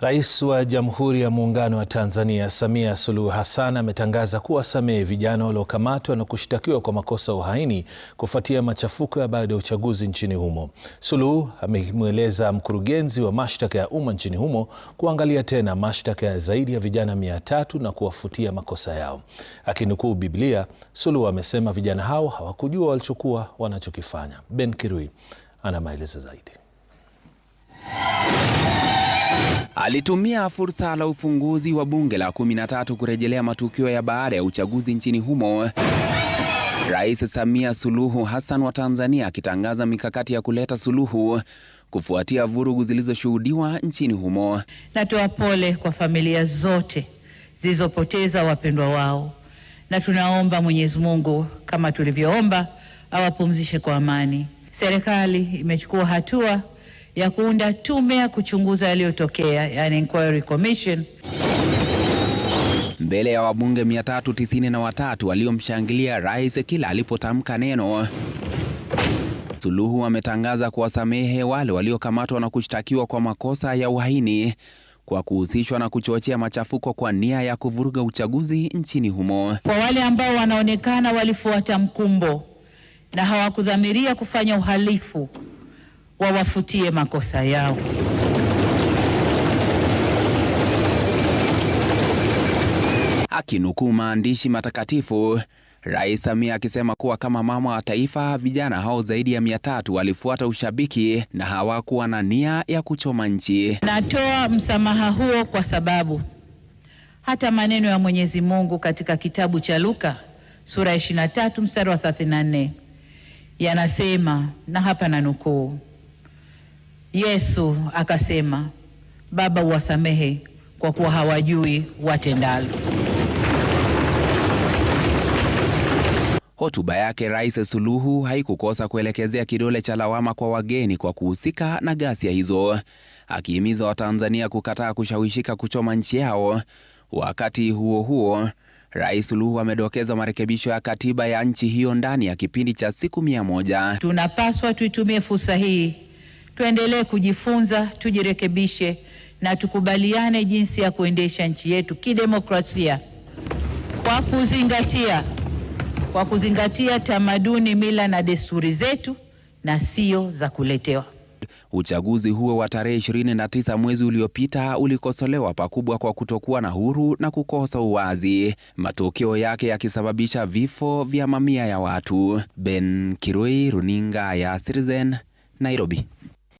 Rais wa Jamhuri ya Muungano wa Tanzania Samia Suluhu Hassan ametangaza kuwasamehe vijana waliokamatwa na kushtakiwa kwa makosa uhaini kufuatia machafuko ya baada ya uchaguzi nchini humo. Suluhu amemweleza mkurugenzi wa mashtaka ya umma nchini humo kuangalia tena mashtaka ya zaidi ya vijana mia tatu na kuwafutia makosa yao. Akinukuu Biblia, Suluhu amesema vijana hao hawakujua walichokuwa wanachokifanya. Ben Kirui ana maelezo zaidi alitumia fursa la ufunguzi wa bunge la 13 kurejelea matukio ya baada ya uchaguzi nchini humo. Rais Samia Suluhu Hassan wa Tanzania akitangaza mikakati ya kuleta suluhu kufuatia vurugu zilizoshuhudiwa nchini humo. Natoa pole kwa familia zote zilizopoteza wapendwa wao, na tunaomba Mwenyezi Mungu kama tulivyoomba awapumzishe kwa amani. Serikali imechukua hatua ya kuunda tume ya kuchunguza yaliyotokea, yani inquiry commission. Mbele ya wabunge 393 waliomshangilia rais kila alipotamka neno, Suluhu ametangaza kuwasamehe wale waliokamatwa na kushtakiwa kwa makosa ya uhaini kwa kuhusishwa na kuchochea machafuko kwa nia ya kuvuruga uchaguzi nchini humo. Kwa wale ambao wanaonekana walifuata mkumbo na hawakudhamiria kufanya uhalifu wawafutie makosa yao. Akinukuu maandishi matakatifu, Rais Samia akisema kuwa kama mama wa taifa, vijana hao zaidi ya mia tatu walifuata ushabiki na hawakuwa na nia ya kuchoma nchi. Natoa msamaha huo kwa sababu hata maneno ya Mwenyezi Mungu katika kitabu cha Luka sura ya 23 mstari wa 34 yanasema, na hapa na nukuu Yesu akasema, Baba, uwasamehe kwa kuwa hawajui watendalo. Hotuba yake Rais Suluhu haikukosa kuelekezea kidole cha lawama kwa wageni kwa kuhusika na ghasia hizo, akihimiza Watanzania kukataa kushawishika kuchoma nchi yao. Wakati huo huo, Rais Suluhu amedokeza marekebisho ya katiba ya nchi hiyo ndani ya kipindi cha siku mia moja. Tunapaswa tuitumie fursa hii tuendelee kujifunza, tujirekebishe na tukubaliane jinsi ya kuendesha nchi yetu kidemokrasia kwa kuzingatia kwa kuzingatia tamaduni, mila na desturi zetu na sio za kuletewa. Uchaguzi huo wa tarehe 29 mwezi uliopita ulikosolewa pakubwa kwa kutokuwa na huru na kukosa uwazi, matokeo yake yakisababisha vifo vya mamia ya watu. Ben Kirui, runinga ya Citizen, Nairobi.